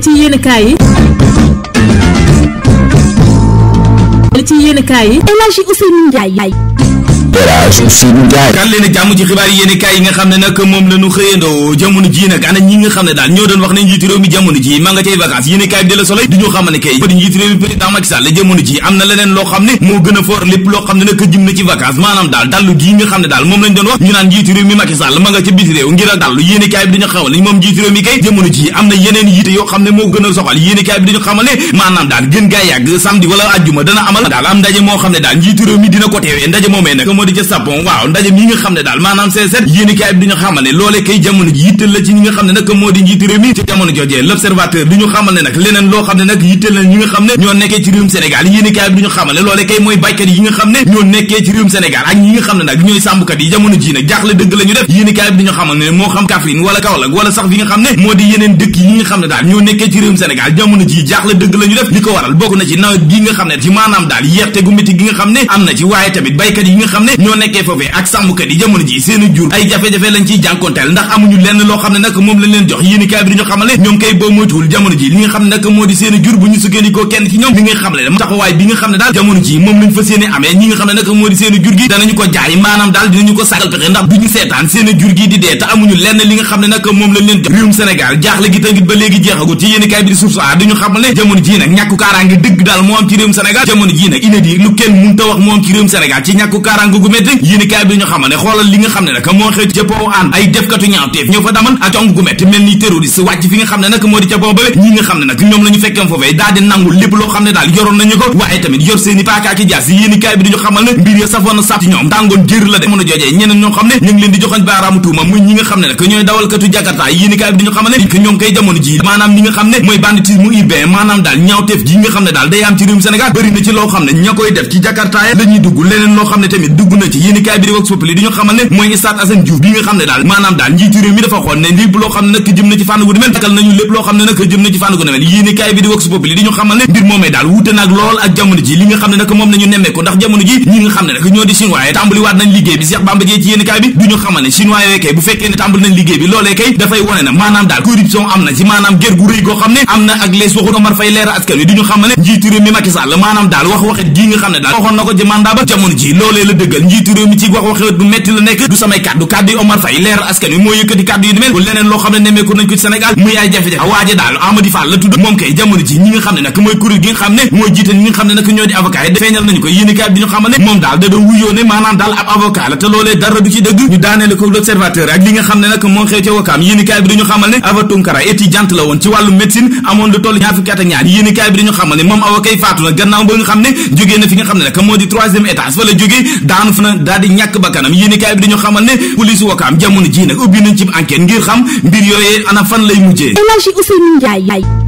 ci yenn kaay yi ci yéen kaay yi El Hadji Ousseynou Ndiaye daal leen a fort yoo xam ne moo gën a soxal yéene bi dañu xamal ne maanaam daal gën gaa yàgg samedi wala àjjuma dana amal daal am ndaje moo xam ne daal njiitu réew mi dina ko teewee ndaje moomee nag moo di ca Sapon waaw ndaje mi nga xam ne daal maanaam C7 yéenekaay bi duñu xamal ne loolee kay jamono ji yittal la ci ñi nga xam ne nag moo di njiitu réew mi ci jamono jojee L'Observateur duñu xamal ne nag leneen loo xam ne nag yittal na ñi nga xam ne ñoo nekkee ci réewum Sénégal yéenekaay bi duñu xamal ne loolee kay mooy baykat yi nga xam ne ñoo nekkee ci réewum Sénégal ak ñi nga xam ne nag ñooy sàmmkat yi jamono ji nag jaaxle dëgg la ñu def yéenekaay bi duñu xamal ne moo xam Kaffrine wala Kaolack wala sax fi nga xam ne moo di yeneen dëkk yi nga xam ne daal ñoo nekkee ci réewum Sénégal jamono ji jaaxle dëgg la ñu def li ko waral bokk na ci nawet gi nga xam ne ci maanaam daal Sénégal yerte gu métti gi nga xam ne am na ci waaye tamit ba léegi jeexagut ci yéen bi di source a duñu xamal ne jamono ji nag ñàkku kaaraange dëgg daal moo am ci réewum Sénégal jamono ji nag inédit lu kenn mun ta wax moom moo xew ca pont an la loo xam ne daal yoroon nañu ko waaye de mën a joojee ñeneen ñoo xam ne ñu leen di joxoñ baaraamu tuuma muy nga xam ne nag ñooy dawalkatu jakarta yéen bi duñu xamal ne ñoom kay jamono ji maanaam li nga xam ne mooy banditisme urbain maanaam daal ñaawteef ji nga xam ne daal day am ci réewum Sénégal bëri na ci loo xam xam nañu lépp loo ndax jamono ji ñi nga xam ne nag ñoo di chinois yi nañ liggéey bi Cheikh Bamba ci yéenekaay bi du xamal ne chinois kay bu fekkee ne tàmbali nañ liggéey bi loolee kay dafay wone na maanaam daal corruption am na ci maanaam guerre gu rëy goo xam ne am na ak les waxu Omar Faye leera askan wi du xamal ne njiitu mi Macky Sall maanaam daal wax waxet gii nga xam ne moom kay jamono ji ñi nga xam ne nag moom daal wakaam yéen kaay bi dañu xamal ne Ava Tunkara étudiante la woon ci wàllu médecine amoon lu toll ñaar fukki ak ñaar yéen kaay bi dañu xamal ne moom avocat faatu na gannaaw ba nga xam ne jógee na fi nga xam ne nag moo di troisième étage fa la jógee daanu fa na daal di ñàkk bakkanam yéenekaay bi dañu xamal ne police wakaam jamono ji nag ubbi nañ ci enquête ngir xam mbir yooyee ana fan lay mujjee El Hadji Ousseynou Ndiaye